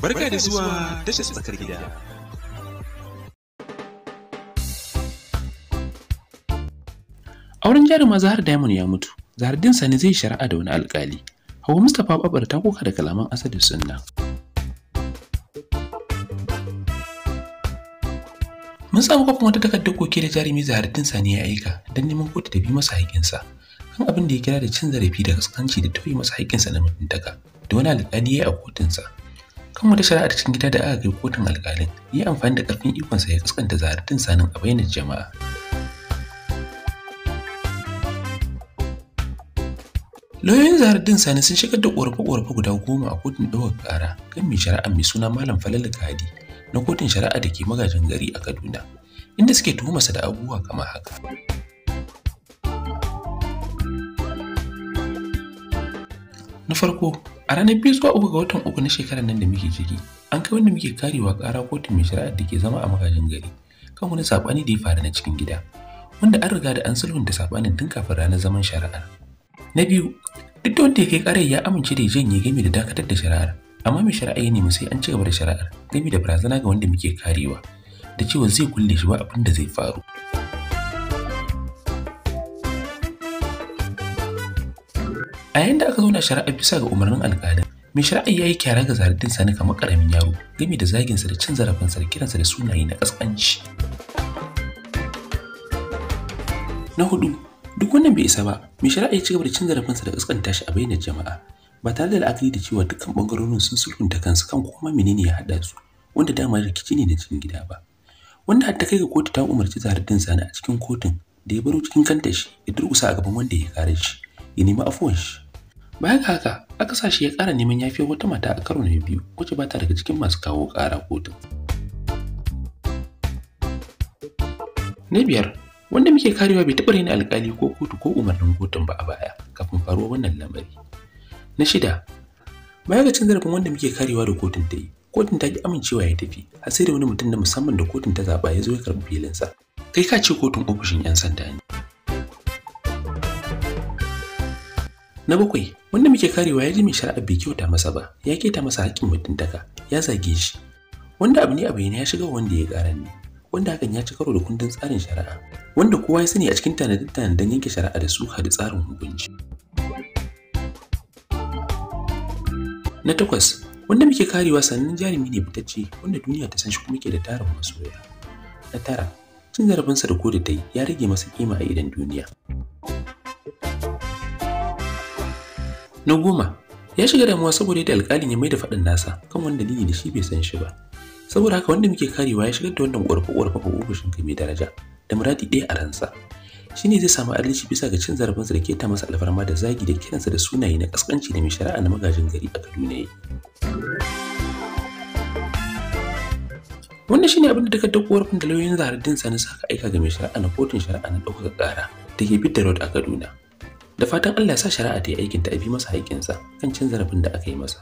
Barka da zuwa tashar tsakar gida. Auren jarumar Zahar Diamond ya mutu, Zahardin ne zai shari'a da wani alkali. Hawa Mustapha Babar ta koka da kalaman Asadu Sunna. Mun samu kafin wata takardar koke da jarumi Zahardin Sani ya aika don neman kotu da bi masa haƙinsa. Kan abin da ya kira da cin zarafi da kaskanci da tauye masa haƙinsa na mutuntaka da wani alƙali ya yi a kotunsa. kan wata shari'ar cikin gida da aka kai kotun alƙalin ya amfani da ƙarfin ikonsa ya kaskanta zahartin sanin a bayyana jama'a lauyoyin zahartin sani sun shigar da ƙorafe-ƙorafe guda goma a kotun ɗaukar ƙara kan mai shari'a mai suna malam falalu kadi na kotun shari'a da ke magajin gari a kaduna inda suke tuhuma sa da abubuwa kamar haka na farko A ranar biyu zuwa uku ga watan uku na shekarar nan da muke ciki, an kai wanda muke karewa kara kotun mai shari'ar da ke zama a magajin gari kan wani saɓani da ya faru na cikin gida, wanda an riga da an sulhunta saɓanin tun kafin ranar zaman shari'ar. Na biyu, duk da wanda ya kai kara ya amince da ya janye game da dakatar da shari'ar, amma mai shari'a ya nemi sai an ci gaba da shari'ar game da barazana ga wanda muke karewa da cewa zai kulle shi ba abin da zai faru. a yayin da aka zo na shari'a bisa ga umarnin alƙalin mai shari'a ya yi kyara ga zaradin sani kamar ƙaramin yaro gami da zaginsa da cin zarafinsa da kiransa da sunaye na ƙasƙanci na hudu duk wannan bai isa ba mai shari'a ya ci gaba da cin zarafinsa da ƙasƙanta shi a bainar jama'a ba tare da la'akari da cewa dukkan ɓangarorin sun sulhunta kansu kan kuma menene ya haɗa su wanda dama rikici ne na cikin gida ba wanda har ta kai ga kotu ta umarci zaradin sani a cikin kotun da ya baro cikin kanta shi ya durƙusa a gaban wanda ya kare shi ya nemi afuwan shi Baya ga haka, aka sa shi ya kara neman yafiyar wata mata a karo na biyu wacce ba ta daga cikin masu kawo ƙara kotun. Na biyar, wanda muke karewa bai taɓa raina alƙali ko kotu ko umarnin kotun ba a baya kafin faruwa wannan lamari. Na shida, baya ga cin zarafin wanda muke karewa da kotun ta yi, kotun ta ki amincewa ya tafi, har sai da wani mutum na musamman da kotun ta zaɓa ya zo ya karɓi filinsa. Kai ka ce kotun ofishin 'yan sanda ne. Na bakwai, wanda muke karewa ya ji mai shari'a bai kyauta masa ba, ya keta masa haƙƙin mutuntaka, ya zage shi. Wanda abu ne a bayyana ya shiga wanda ya ƙara ne, wanda hakan ya ci karo da kundin tsarin shari'a, wanda kowa ya sani a cikin tanadin yanke shari'a da suka da tsarin hukunci. Na takwas, wanda muke karewa sannan jarumi ne fitacce wanda duniya ta san shi kuma ke da tarin masoya. Na tara, cin zarafinsa da ko da ta yi ya rage masa kima a idan duniya. Na goma, ya shiga damuwa saboda yadda alƙalin ya maida faɗin nasa kan wani dalili da shi bai san shi ba. Saboda haka wanda muke karewa ya shigar da wannan ƙorafe-ƙorafe ko ofishin kai mai daraja da muradi ɗaya a ransa. Shi ne zai samu adalci bisa ga cin zarafinsa da keta masa alfarma da zagi da kiransa da sunaye na ƙasƙanci da mai shari'a na magajin gari a Kaduna. Wannan shi ne abin da takardar ƙorafin da lauyoyin sa Sani suka aika ga mai shari'a na kotun shari'a na ɗaukaka ƙara da ke Bidda Road a Kaduna. da fatan Allah ya sa shari'a ta yi aikin ta abi masa haƙƙinsa kan cin zarafin da aka yi masa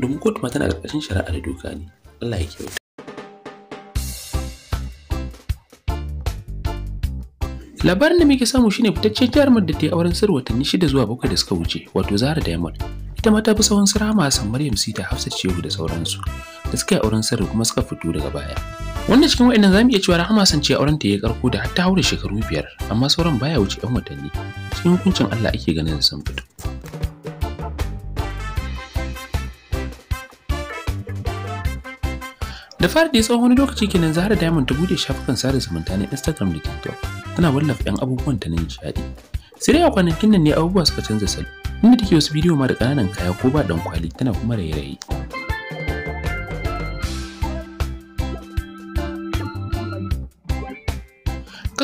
domin kotu ma tana ƙarƙashin shari'a da doka ne Allah ya kyauta labarin da muke samu shine fitaccen jarumar da ta yi auren sir watanni shida zuwa bakwai da suka wuce wato zara diamond ita ma ta fi sauran sirama maryam sita hafsat shehu da sauransu da suka yi auren sirri kuma suka fito daga baya Wannan cikin wa'annan zamu iya cewa Rahama san auren ta ya karko da hatta haure shekaru biyar, amma sauran baya wuce 'yan watanni. Cikin hukuncin Allah ake ganin sun fito. Da fara da tsawon wani lokaci kenan zahar Diamond ta bude shafukan sada zumunta na Instagram da TikTok. Tana wallafa 'yan abubuwan ta na nishadi Sai a kwanakin nan ne abubuwa suka canza salo. Inda take wasu bidiyo ma da ƙananan kaya ko ba dan kwali tana kuma raye-raye.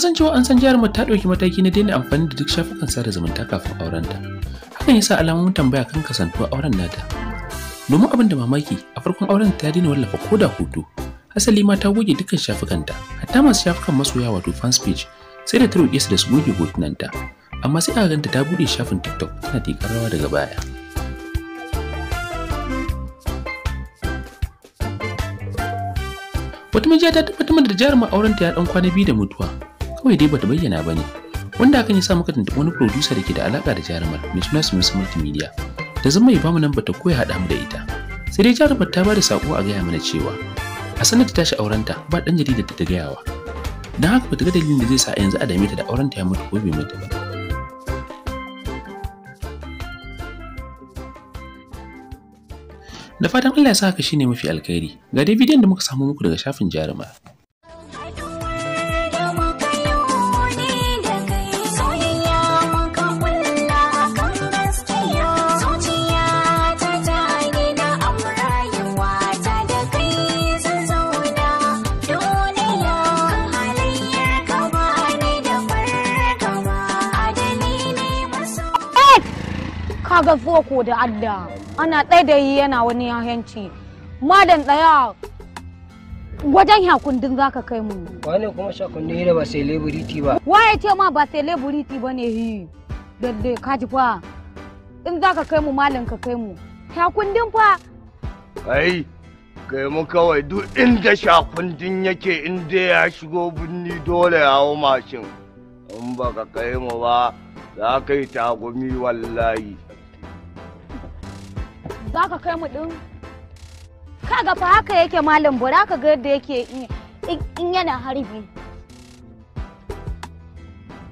kasancewa an san jarumar ta ɗauki mataki na daina amfani da duk shafukan sada zumunta kafin aurenta hakan ya sa alamomin tambaya kan kasantuwa auren nata domin abin da mamaki a farkon auren ta daina wallafa ko da hoto asali ma ta goge dukkan shafukanta hatta masu shafukan masoya wato fans speech sai da ta roƙe su da su goge hotunanta amma sai aka ganta ta buɗe shafin tiktok tana tikar rawa daga baya wata mijiya ta tabbatar da jarumin aurenta ya ɗan kwana biyu da mutuwa kawai dai bata bayyana ba ne wanda aka ya sa muka tuntuɓi wani producer da ke da alaƙa da jarumar mai suna su Sumis Multimedia da zama ya bamu nan bata koya haɗa mu da ita sai dai jarumar ta bada saƙo a gaya mana cewa a sanar da tashi aurenta ba ɗan jaridar da ta gayawa don haka bata ga dalilin da zai sa yanzu a dame ta da aurenta ya mutu ko bai mutu ba da fatan Allah ya sa haka shine mafi alkhairi ga dai bidiyon da muka samu muku daga shafin jarumar ga ko da adda ana ɗaya da yi yana wani yahanci madan ɗaya wajen yakundin za ka kai mu wani kuma shakundin da ba celebrity ba waye ce ma ba celebrity ba ne yi dadde ka ji fa in za ka kai mu malam ka kai mu shakundin fa kai kai mu kawai duk inda shakundin yake inda ya shigo binni dole ya hau mashin in ba ka kai mu ba za ka yi tagumi wallahi za ka kai mu ɗin Ka ga fa haka yake malam bura ka ga yadda yake in yana harbi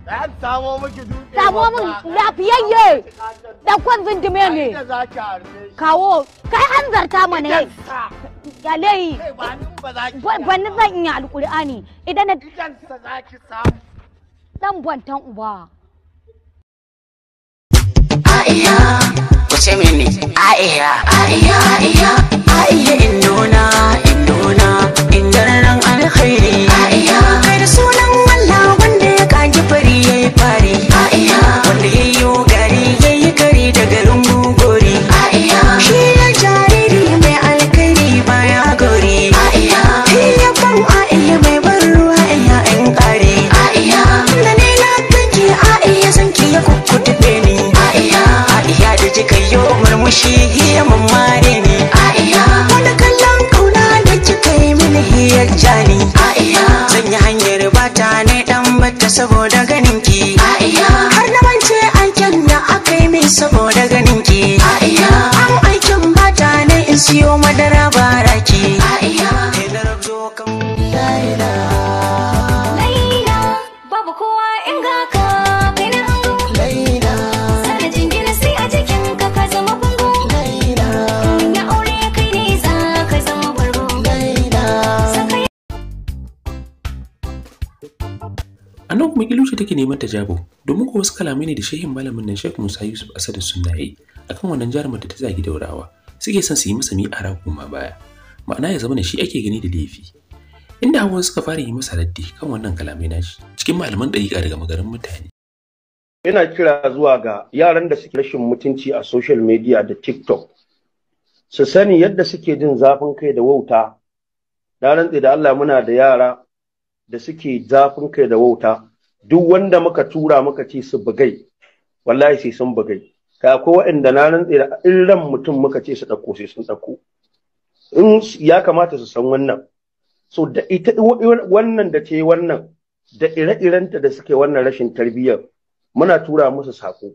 Ɗan samo miki dutse Samo min lafiyayye ɗaukwan zindime ne. Kawo, kai an zarta ne. Yalayi. Bani zan iya alƙur'ani idan na. Idansa za ki samu. Ɗan bantan uba. Aisha. ce mini aiya aiya aiya take neman jabo domin ko wasu kalamai ne da shehin malamin nan Sheikh Musa Yusuf Asadu Sunna yayi akan wannan jarumar da ta zagi daurawa suke son su yi masa mi'ara kuma baya ma'ana ya zama ne shi ake gani da laifi inda hawan suka fara yi masa raddi kan wannan kalamai na shi, cikin malaman ɗariƙa daga magarin mutane ina kira zuwa ga yaran da suke rashin mutunci a social media da TikTok su sani yadda suke jin zafin kai da wauta da rantsi da Allah muna da yara da suke zafin kai da wauta duk wanda muka tura muka ce su bugai wallahi sai sun bugai ka akwai waɗanda na rantse da in mutum muka ce su ɗauko sai sun ɗauko in ya kamata su san wannan so da ita wannan da ce wannan da ire-irenta da suke wannan rashin tarbiyyar muna tura musu sako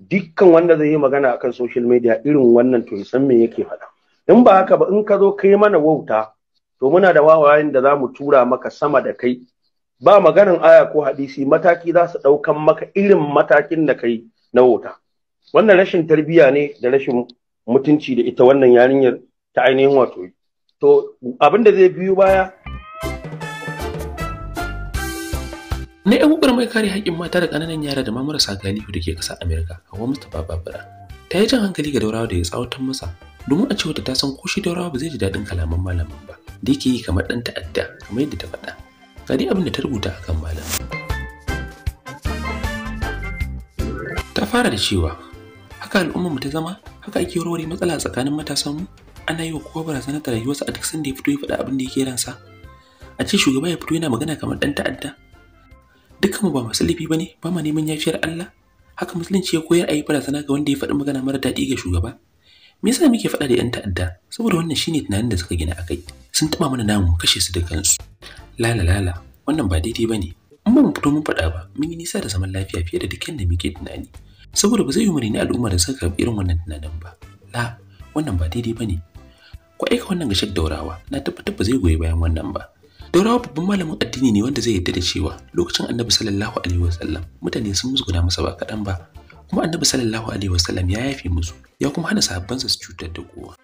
dukkan wanda zai yi magana akan social media irin wannan to san me yake faɗa in ba haka ba in ka zo kai mana wauta to muna da wawayen da za mu tura maka sama da kai ba maganin aya ko hadisi mataki za su ɗaukan maka irin matakin da kai na wuta wannan rashin tarbiyya ne da rashin mutunci da ita wannan yarinyar ta ainihin wato to abin da zai biyo baya na yan gugur mai kare haƙƙin mata da ƙananan yara da ma marasa galihu da ke ƙasa amerika hawa mustapha babura ta yi jan hankali ga daurawa da ya tsawatan masa domin a ce wata ta san ko shi daurawa ba zai ji daɗin kalaman malamin ba da yake yi kamar ɗan ta'adda kamar yadda ta faɗa ga abin da ta rubuta a kan malam ta fara da cewa haka al'ummar mu ta zama haka ake warware matsala tsakanin matasan mu ana yi wa kowa barazanar da rayuwarsa a duk sanda ya fito ya faɗa abin da yake ransa a ce shugaba ya fito yana magana kamar ɗan ta'adda dukkanmu ba masu laifi ba ne ba ma neman yafiyar Allah haka musulunci ya koyar a yi barazana ga wanda ya faɗi magana mara daɗi ga shugaba me yasa muke faɗa da 'yan ta'adda saboda wannan shine tunanin da suka gina a kai sun taɓa mana namu kashe su da kansu lala lala wannan ba daidai bane in ba mu fito mun faɗa ba mun yi nisa da zaman lafiya fiye da dukkan da muke tunani saboda ba zai yi umarni al'umma da suka karɓi irin wannan tunanin ba la wannan ba daidai bane ne ku aika wannan gashar daurawa na tabbatar ba zai goyi bayan wannan ba daurawa babban malamin addini ne wanda zai yarda da cewa lokacin annabi sallallahu alaihi wasallam mutane sun musguna masa ba kaɗan ba kuma annabi sallallahu alaihi wasallam ya yafe musu ya kuma hana sahabbansa su cutar da kowa